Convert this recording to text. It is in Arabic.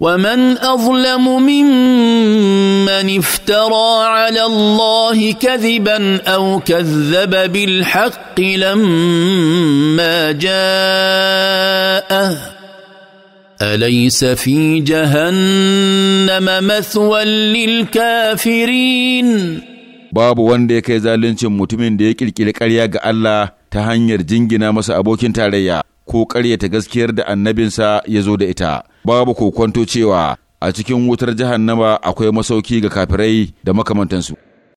ومن اظلم ممن افترى على الله كذبا او كذب بالحق لما جاءه اليس في جهنم مثوى للكافرين باب وندي لنشم متمن دي كيلكاليا الله تهنير جنجنا مس ابوكين تاريا ko ƙaryata gaskiyar da annabinsa ya zo da ita babu ko kwanto cewa a cikin wutar jahannama akwai masauki ga kafirai da makamantansu